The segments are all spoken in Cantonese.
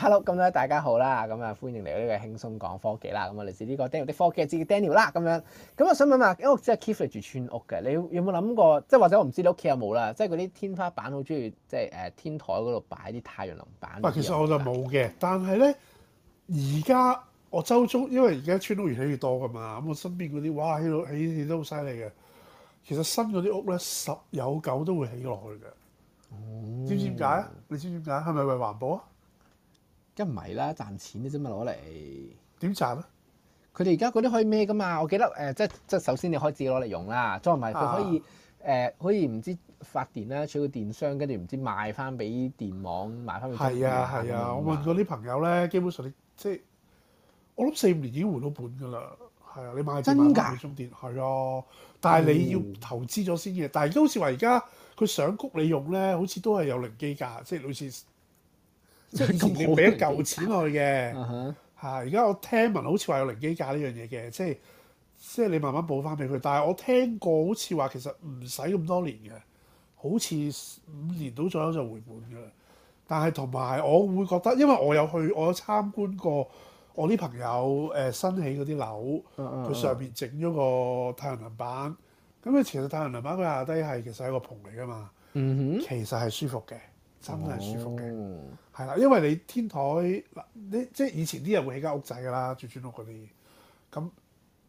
hello，咁咧大家好啦，咁啊歡迎嚟到呢個輕鬆講科技啦，咁啊嚟自呢個 Daniel 啲科技，接 Daniel 啦，咁樣咁我想問下，因為我知啊 Kira 住村屋嘅，你有冇諗過，即係或者我唔知你屋企有冇啦，即係嗰啲天花板好中意，即係誒天台嗰度擺啲太陽能板。其實我就冇嘅，但係咧而家我周中，因為而家村屋越起越多噶嘛，咁我身邊嗰啲哇起到起起都好犀利嘅。其實新嗰啲屋咧十有九都會起落去嘅。知唔知點解、嗯、你知唔知點解？係咪為環保啊？一唔係啦，賺錢嘅啫嘛，攞嚟點賺啊？佢哋而家嗰啲可以咩噶嘛？我記得誒、呃，即即首先你可以自己攞嚟用啦，再唔係佢可以誒、啊呃，可以唔知發電啦，取個電商，跟住唔知賣翻俾電網賣翻俾充電，係啊係啊，啊，啊，我問過啲朋友咧，基本上你，即我諗四五年已經回到本噶啦，係啊，你買真買電充電係啊，但係你要投資咗先嘅。嗯、但係而家好似話而家佢想谷你用咧，好似都係有零機價，即、就、好、是、似。即係你俾一嚿錢落去嘅，嚇、嗯哼！而家我聽聞好似話有零基價呢樣嘢嘅，即係即係你慢慢補翻俾佢。但係我聽過好似話其實唔使咁多年嘅，好似五年到左右就回本㗎喇。但係同埋我會覺得，因為我有去，我有參觀過我啲朋友誒、呃、新起嗰啲樓，佢、嗯、哼上邊整咗個太陽能板。咁、嗯、你其實太陽能板佢下低係其實係個棚嚟㗎嘛，其實係、嗯、哼舒服嘅。真係舒服嘅，係啦、哦，因為你天台嗱，你即係以前啲人會起間屋仔㗎啦，磚磚屋嗰啲，咁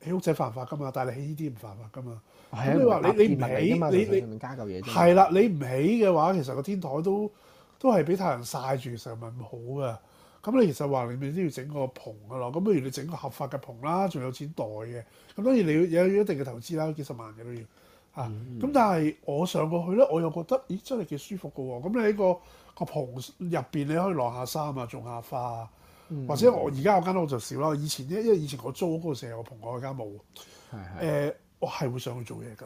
起屋仔犯法㗎嘛，但係你起呢啲唔犯法㗎嘛。咁、啊、你話你有你唔起嘛，你你加嚿嘢。係啦你，你唔起嘅話，其實個天台都都係俾太陽曬住，其實唔係咁好㗎。咁你其實話你面都要整個棚㗎咯。咁不如你整個合法嘅棚啦，仲有錢袋嘅。咁當然你要有一定嘅投資啦，幾十萬嘅都要。啊！咁、嗯嗯、但係我上過去咧，我又覺得，咦，真係幾舒服嘅喎、哦！咁、嗯、你喺個個棚入邊你可以晾下衫啊，種下花啊，嗯、或者我而家我間屋就少啦。以前咧，因為以前我租嗰個成我同我間冇。誒，我係的、呃、會上去做嘢㗎。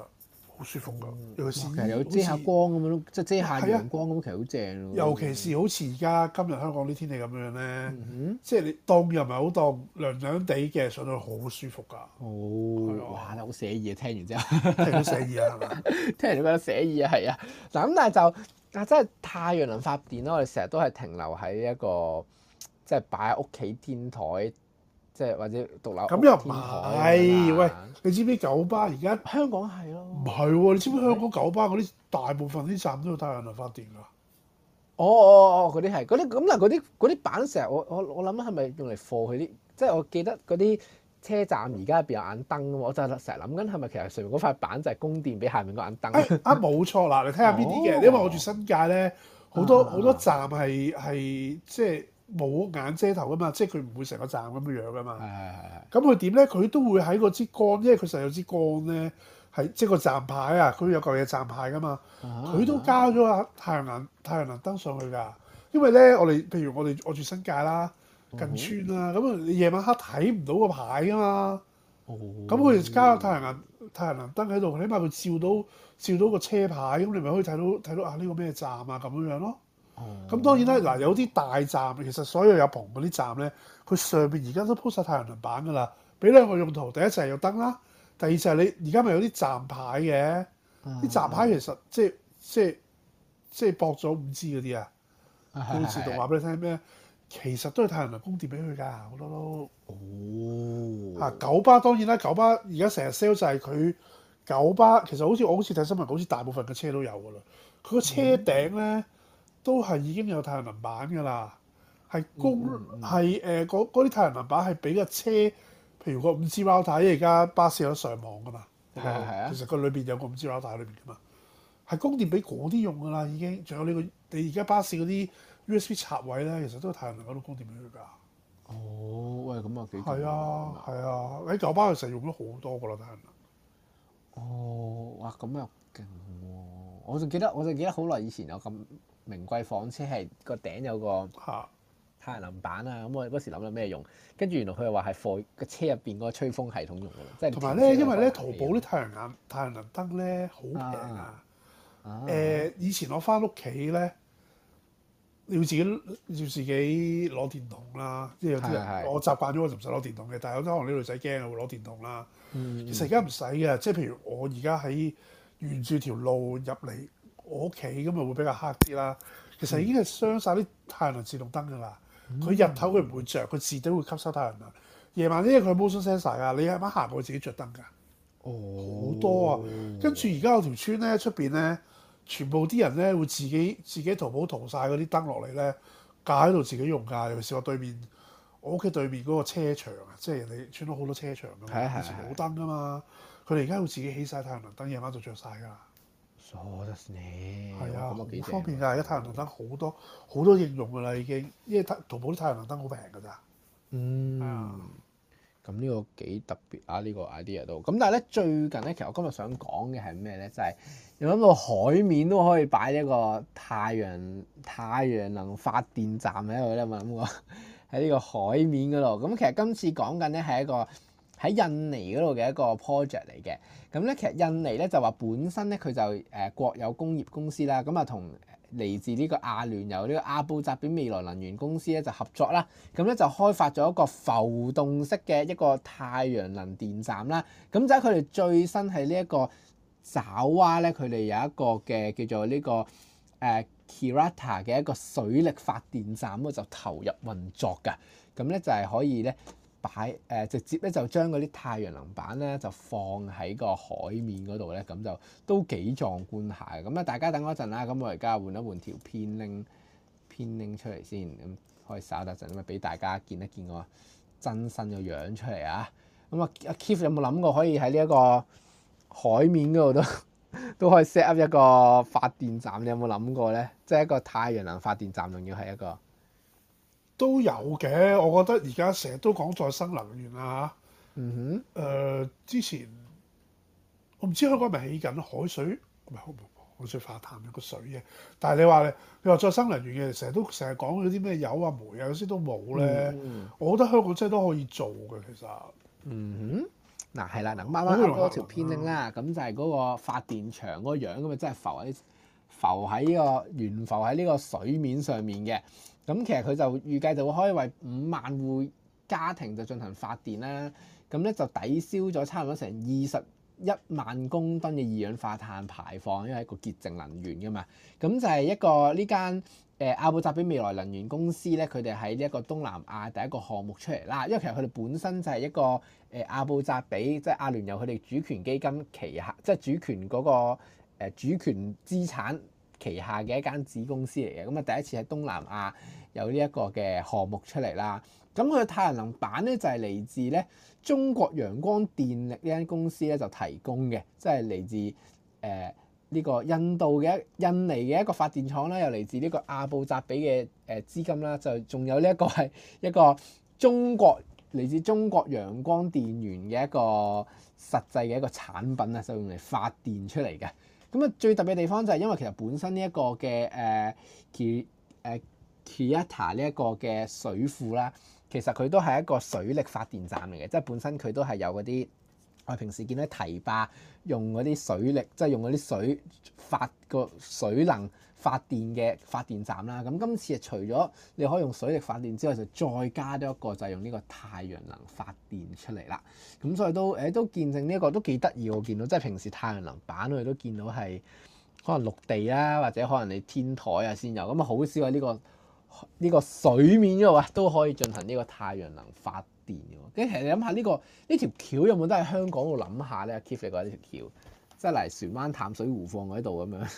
好舒服㗎，其實有遮下光咁樣咯，即係遮下陽光咁，其實好正咯。尤其是好似而家今日香港啲天氣咁樣咧，嗯、哼即係你凍又唔係好凍，涼涼地嘅上到去好舒服㗎。哦，哇的！好寫意、啊，聽完之後聽到寫意啦、啊，係嘛 吧？聽完你覺得寫意啊，係啊。嗱咁，但係就啊，真係太陽能發電啦！我哋成日都係停留喺一個即係擺喺屋企天台。即係或者獨立咁又唔係，喂，你知唔知九巴而家香港係咯、啊？唔係喎，你知唔知香港九巴嗰啲大部分啲站都有太陽能發電㗎、哦？哦哦哦，嗰啲係，嗰啲咁嗱，嗰啲嗰啲板成日，我我我諗係咪用嚟貨佢啲？即、就、係、是、我記得嗰啲車站而家入邊有眼燈喎，我就成日諗緊係咪其實上面嗰塊板就係供電俾下面嗰眼燈？啊冇、 哎、錯啦，你睇下邊啲嘅，哦、因為我住新界咧，好多好、啊、多站係係即係。啊冇眼遮頭啊嘛，即係佢唔會成個站咁樣樣啊嘛。咁佢點咧？佢都會喺嗰支杆，因為佢實有支杆咧，係即係個站牌，個站牌啊。佢有嚿嘢站牌噶嘛。佢都加咗太陽能太陽能燈上去噶。的因為咧，我哋譬如我哋我住新界啦，近村啦，咁啊、哦，你夜晚黑睇唔到個牌噶嘛。咁佢、哦、加太陽能太陽能燈喺度，起碼佢照到照到個車牌，咁你咪可以睇到睇到啊呢、這個咩站啊咁樣樣咯。咁、嗯、當然啦，嗱有啲大站，其實所有有棚嗰啲站咧，佢上邊而家都鋪晒太陽能板噶啦，俾兩個用途。第一就係有燈啦，第二就係你而家咪有啲站牌嘅，啲、嗯、站牌其實即係即係即係駁咗五 G 嗰啲啊，五 G 動畫俾你聽咩？其實都係太陽能供電俾佢噶，好多都哦。啊九巴當然啦，九巴而家成日 sell 就係佢九巴，其實好似我好似睇新聞，好似大部分嘅車都有噶啦，佢個車頂咧。嗯都係已經有太陽能板㗎啦，係供係誒嗰啲太陽能板係俾個車，譬如個五 G router 而家巴士有得上網㗎嘛？係啊係啊，啊其實佢裏邊有個五 G router 喺裏邊㗎嘛，係供電俾嗰啲用㗎啦已經。仲有呢、呢個你而家巴士嗰啲 USB 插位咧，其實都係太陽能嗰度供電俾佢㗎。哦，喂，咁又係啊係啊，喺九麼、啊、巴士成日用咗好多㗎啦，太陽能。哦，哇，咁又勁喎！我仲記得，我就記得好耐以前有咁。名貴房車係個頂有個太陽能板啊，咁我嗰時諗緊咩用，跟住原來佢又話係貨個車入邊嗰個吹風系統用嘅，即係同埋咧，因為咧淘寶啲太陽眼太陽能燈咧好平啊。誒、啊啊呃，以前我翻屋企咧，要自己要自己攞電筒啦，即係有啲人係，我習慣咗我就唔使攞電筒嘅，但係有啲可能啲女仔驚會攞電筒啦。嗯、其實而家唔使嘅，即係譬如我而家喺沿住條路入嚟。我屋企咁咪會比較黑啲啦。其實已經係雙晒啲太陽能自動燈㗎啦。佢、嗯、日頭佢唔會着，佢自動會吸收太陽能。夜晚呢，因為佢 motion sensor 啊，你夜晚行過佢自己着燈㗎。哦，好多啊！跟住而家有條村咧出邊咧，全部啲人咧會自己自己淘寶淘曬嗰啲燈落嚟咧，架喺度自己用㗎。尤其是我對面，我屋企對面嗰個車場啊，即係人哋村到好多車場㗎是嘛，以前冇燈㗎嘛，佢哋而家會自己起晒太陽能燈，夜晚就着晒㗎啦。傻得滯，係啊，幾方便㗎！而家太陽能燈好多好多應用㗎啦，已經，因為淘寶啲太陽能燈好平㗎咋。嗯，咁呢 Yeah. 個幾特別啊！這個、呢個 idea 都，咁但係咧最近咧，其實我今日想講嘅係咩咧？就係你諗到海面都可以擺一個太陽太陽能發電站喺度咧，有冇諗過喺呢 個海面嗰度？咁其實今次講緊咧係一個。喺印尼嗰度嘅一個 project 嚟嘅，咁咧其實印尼咧就話本身咧佢就誒國有工業公司啦，咁啊同嚟自呢個阿聯酋呢個阿布扎比未來能源公司咧就合作啦，咁咧就開發咗一個浮動式嘅一個太陽能電站啦，咁就喺佢哋最新喺呢一個爪哇咧，佢哋有一個嘅叫做呢個誒 Cirata 嘅一個水力發電站咁就投入運作㗎，咁咧就係可以咧。擺誒直接咧就將嗰啲太陽能板咧就放喺個海面嗰度咧，咁就都幾壯觀下嘅。咁啊，大家等我一陣啦，咁我而家換一換條偏鈴偏鈴出嚟先，咁可以稍等陣，咁啊俾大家見一見個真身個樣出嚟啊。咁啊，阿 Kief 有冇諗過可以喺呢一個海面嗰度都都可以 set up 一個發電站？你有冇諗過咧？即係一個太陽能發電站，仲要係一個。都有嘅，我覺得而家成日都講再生能源啊，嗯哼、mm，誒、hmm. 呃、之前我唔知香港咪起緊海水，唔係海水化淡個水嘅，但係你話你話再生能源嘅，成日都成日講嗰啲咩油啊、煤啊，有啲都冇咧。Mm hmm. 我覺得香港真係都可以做嘅，其實。嗯哼、mm，嗱係啦，嗱慢慢嗰條片啦、啊，咁就係嗰個發電場嗰個樣，咁咪真係浮喺。浮喺呢、呢個懸浮喺呢個水面上面嘅，咁其實佢就預計就會可以為五萬戶家庭就進行發電啦。咁咧就抵消咗差唔多成二十一萬公噸嘅二氧化碳排放，因為係一個潔淨能源㗎嘛。咁就係一個呢間誒阿布扎比未來能源公司咧，佢哋喺呢一個東南亞第一個項目出嚟啦。因為其實佢哋本身就係一個誒阿布扎比即係阿聯酋佢哋主權基金旗下，即係主權嗰、嗰個。誒主權資產旗下嘅一間子公司嚟嘅，咁啊第一次喺東南亞有呢一個嘅項目出嚟啦。咁佢太陽能板咧就係嚟自咧中國陽光電力呢間公司咧就提供嘅，即係嚟自誒呢、呃這個印度嘅印尼嘅一個發電廠啦，又嚟自呢個阿布扎比嘅誒資金啦，就仲有呢一個係一個中國嚟自中國陽光電源嘅一個實際嘅一個產品啊，就用嚟發電出嚟嘅。咁啊，最特別嘅地方就係因為其實本身呢一個嘅誒芝誒芝拉塔呢一個嘅水庫啦，其實佢都係一個水力發電站嚟嘅，即係本身佢都係有嗰啲我平時見到堤壩用嗰啲水力，即係用嗰啲水發個水能。發電嘅發電站啦，咁今次誒除咗你可以用水力發電之外，就再加多一個就係用呢個太陽能發電出嚟啦。咁所以都誒、欸、都見證呢、這、一個都幾得意我見到即係平時太陽能板我哋都見到係可能陸地啦、啊，或者可能你天台啊先有，咁啊好少喺呢、這個呢、這個水面嗰度都可以進行呢個太陽能發電嘅。跟住其實你諗下呢個呢條、這個這個、橋有冇得喺香港度諗下咧，Keep 你呢條橋，即係嚟船灣淡水湖放喺度咁樣。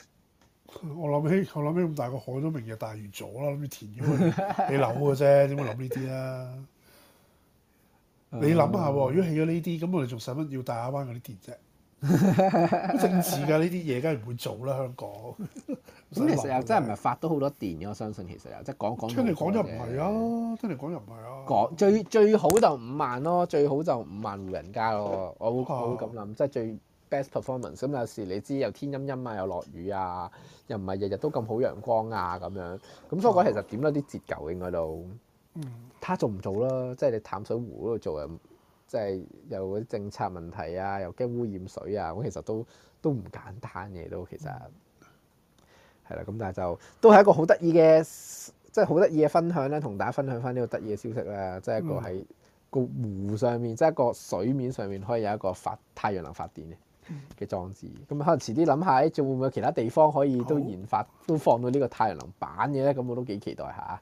我諗起，我諗起咁大個海都明日大嶼咗啦，諗住填咗佢，你諗嘅啫，點會諗呢啲啊？你諗下，如果起咗呢啲，咁我哋仲使乜要大亞灣嗰啲電啫？政治㗎呢啲嘢，梗係唔會做啦，香港。 其實又真係唔係發到好多電嘅？我相信其實啊，即係講講。聽你講就唔係啊，聽你講就唔係啊。講最最好就五萬咯，最好就五萬戶人家咯。我會 我會咁諗，即係最。best performance 咁有時你知又天陰陰啊，又落雨啊，又唔係日日都咁好陽光啊咁樣。咁所以講其實點咯，啲節流應該都，他做唔做咯。即係你淡水湖嗰度做啊，即係有嗰啲政策問題啊，又驚污染水啊，咁其實都都唔簡單嘅都其實係啦。咁但係就都係一個好得意嘅，即係好得意嘅分享咧，同大家分享翻呢個得意嘅消息咧，即係一個喺個湖上面，即係一個水面上面可以有一個發太陽能發電嘅。嘅裝置，咁可能遲啲諗下，仲會唔會有其他地方可以都研發都放到呢個太陽能板嘅咧？咁我都幾期待下。